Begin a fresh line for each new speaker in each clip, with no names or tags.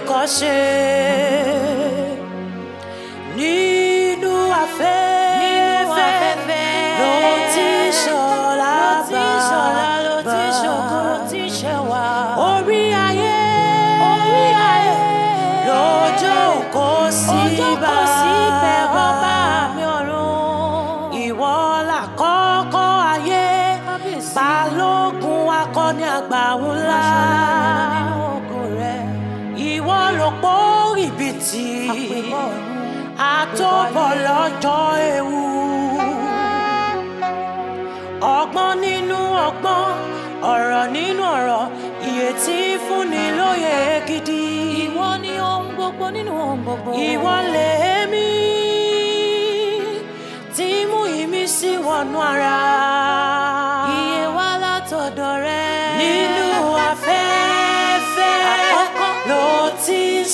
àwòkọ́ṣe nínú afẹ́fẹ́ ló ti ṣọlá bá ti ṣẹwà orí ayé lọ́jọ́ kò sí bẹ́ẹ̀ bàbá mi ọ̀run ìwọ làkọ́kọ́ ayé balógun akọni àgbà ńlá. àtòbọ̀ lọ́jọ́ ewu ọgbọ́n nínú ọgbọ́n ọ̀rọ̀ nínú ọ̀rọ̀ iye tí ń fúnni lóye gidi. ìwọ ni ohun gbogbo nínú ohun gbogbo. ìwọ lèémí tí mú ìmísí wọnú ara. iye wá látọ̀dọ̀ rẹ. nínú afẹ́fẹ́ ló ti ń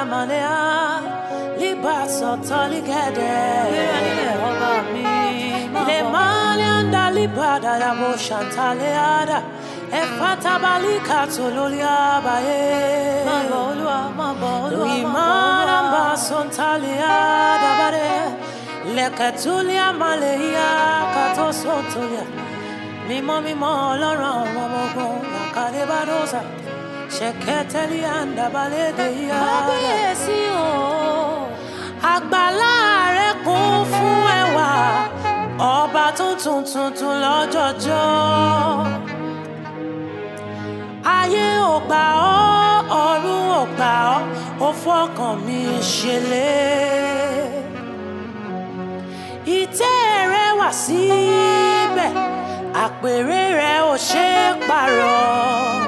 lemalea liba sotoli gede le mali anda liba da ya bo shantale ada e fata balika tololi abaye ma bo olua ma bo olua ma bo imara ba sontale ada bare lẹkẹtulia maleya kato sotoya mímọ́ mímọ́ Ọlọ́run àwọn ọmọ ṣẹ̀kẹ̀tẹ̀lì àǹdàbálẹ̀dẹ̀ yá. kábíyèsí o àgbàlá rẹ kún fún ẹwà ọba tuntun tuntun lọ́jọ́jọ́ ayé ò gbà ọ́ ọ̀run ò gbà ọ́ ó fọkàn mi ṣẹlẹ̀ ìtẹ́ rẹ wà síbẹ̀ àpèrè rẹ ò ṣe é pààrọ̀.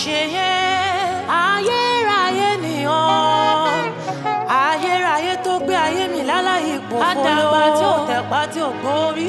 ṣe yẹn ayérayé nìyàn ayérayé tó gbé ayé mi láláyé ìpòfó lọ àdàbà tí ò tẹ̀pá tí ò gbórí.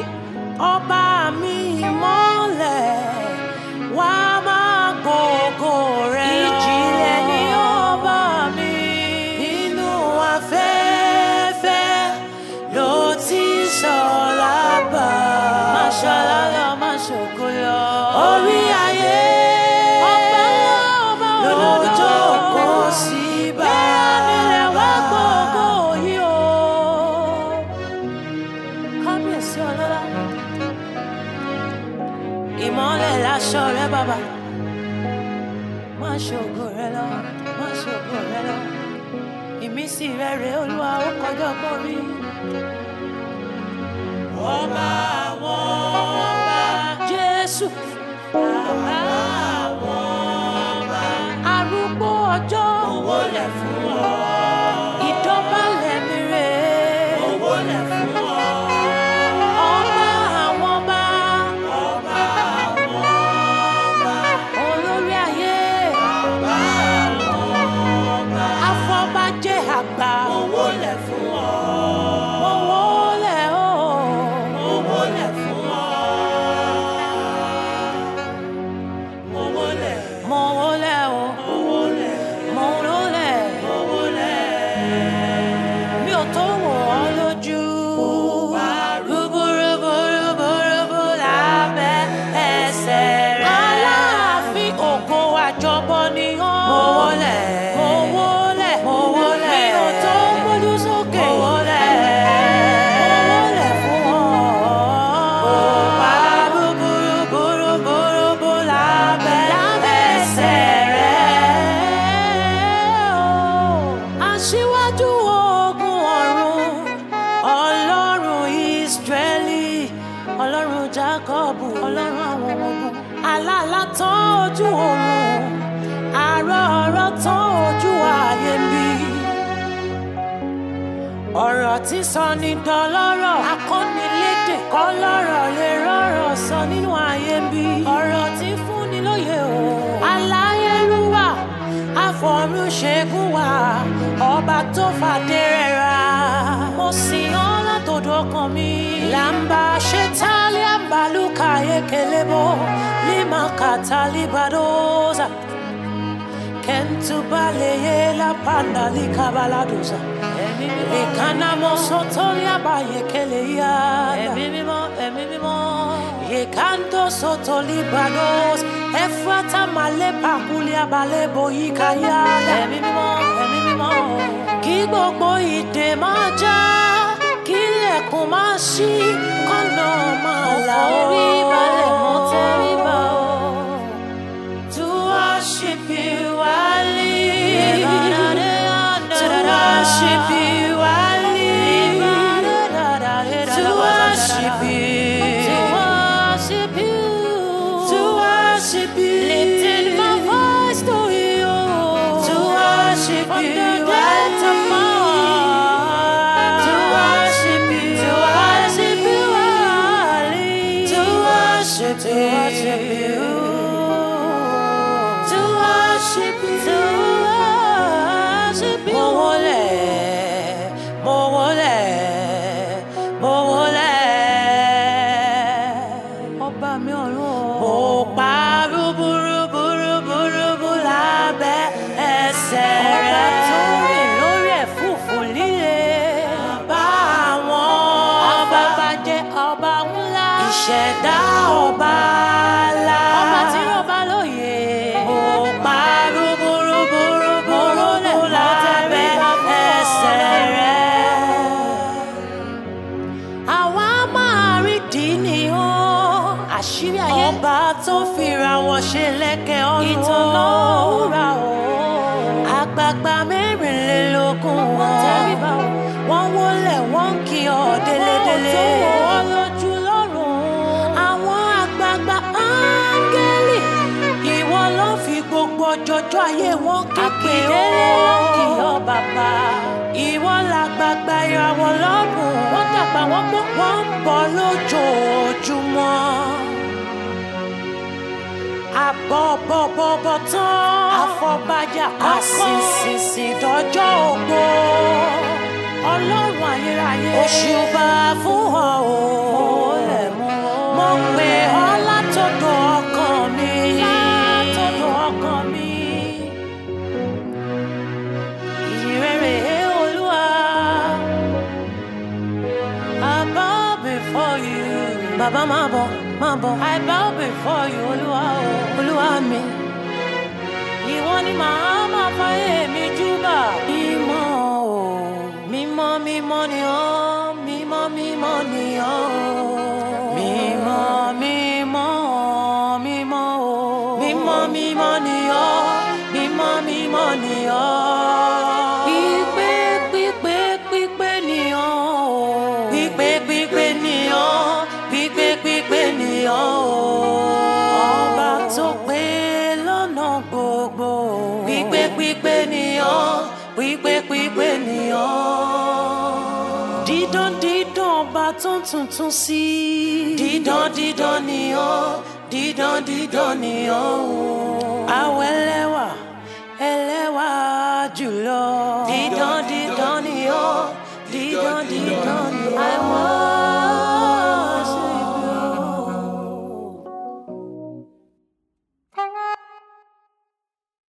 ọba àwọn ọba. Jésù. àlàlà tán ojú òun àárọ̀ ọ̀rọ̀ tán ojú ààyè mi. ọ̀rọ̀ tí sọ ni dọlọ́rọ̀ akọ́nilédè kọ́ lọ́rọ̀ lè rọ́rọ̀ sọ nínú ààyè mi. ọ̀rọ̀ tí fúnni lóye o aláyélúwà àfọ̀rúnṣẹ́gun wà ọba tó fàdé rẹ̀ rà mo sìn ọ́ látọ̀dọ̀ ọkàn mi là ń bá ṣe tálẹ́ àbálùkà ekelebo katalibadoza kentubaleyela panda Ya likanamosotolya bayekeleya yekanto sotolibados ya. malepakulya baleboyikayada kí gbogbo ìdè máa já kílẹ̀kùn máa ṣí kọ́nà máa là ó. ọ̀fọ̀ orí balẹ̀ mọ́tẹ́rù. yeah. ìṣẹ̀dá ọba ńlá. ọba tí yóò bá lóye. mo pa rúburúburúburú lábẹ́ ẹsẹ̀ rẹ̀. àwa máa rí dìní o. àṣírí ayé. ọba tó fira wọn ṣe lẹ́kẹ̀ ọ̀run. ìtọ́nà òwúrà o. àgbààgbà mẹ́rìnlélógún wọn. wọlé wọ́n kí ọ délédélé. àwọn tó wọ́ lójú. jọjọ ayé wọn kékeré kìlọ̀ bàbá ìwọ làgbàgbà ìràwọ̀ lọ́rùn wọ́n dàgbà wọ́n pọ̀ wọ́n ń bọ̀ lójoojúmọ́ àbọ̀bọ̀bọ̀bọ̀ tán àfọ̀bàjà àsìsìsì dọ́jọ́ ògbó ọlọ́run ayérayé òṣùbà fún ọ ò mọ̀ pé ọlọ́run. pípé pípé nìyàn pípé pípé nìyàn ọba tó pé lọ́nà gbogbo pípé pípé nìyàn pípé pípé nìyàn dídán dídán ọba tó ń tuntun sí dídán dídán nìyàn dídán dídán nìyàn o àwẹ̀lẹ́wà ẹlẹ́wà jùlọ dídán dídán.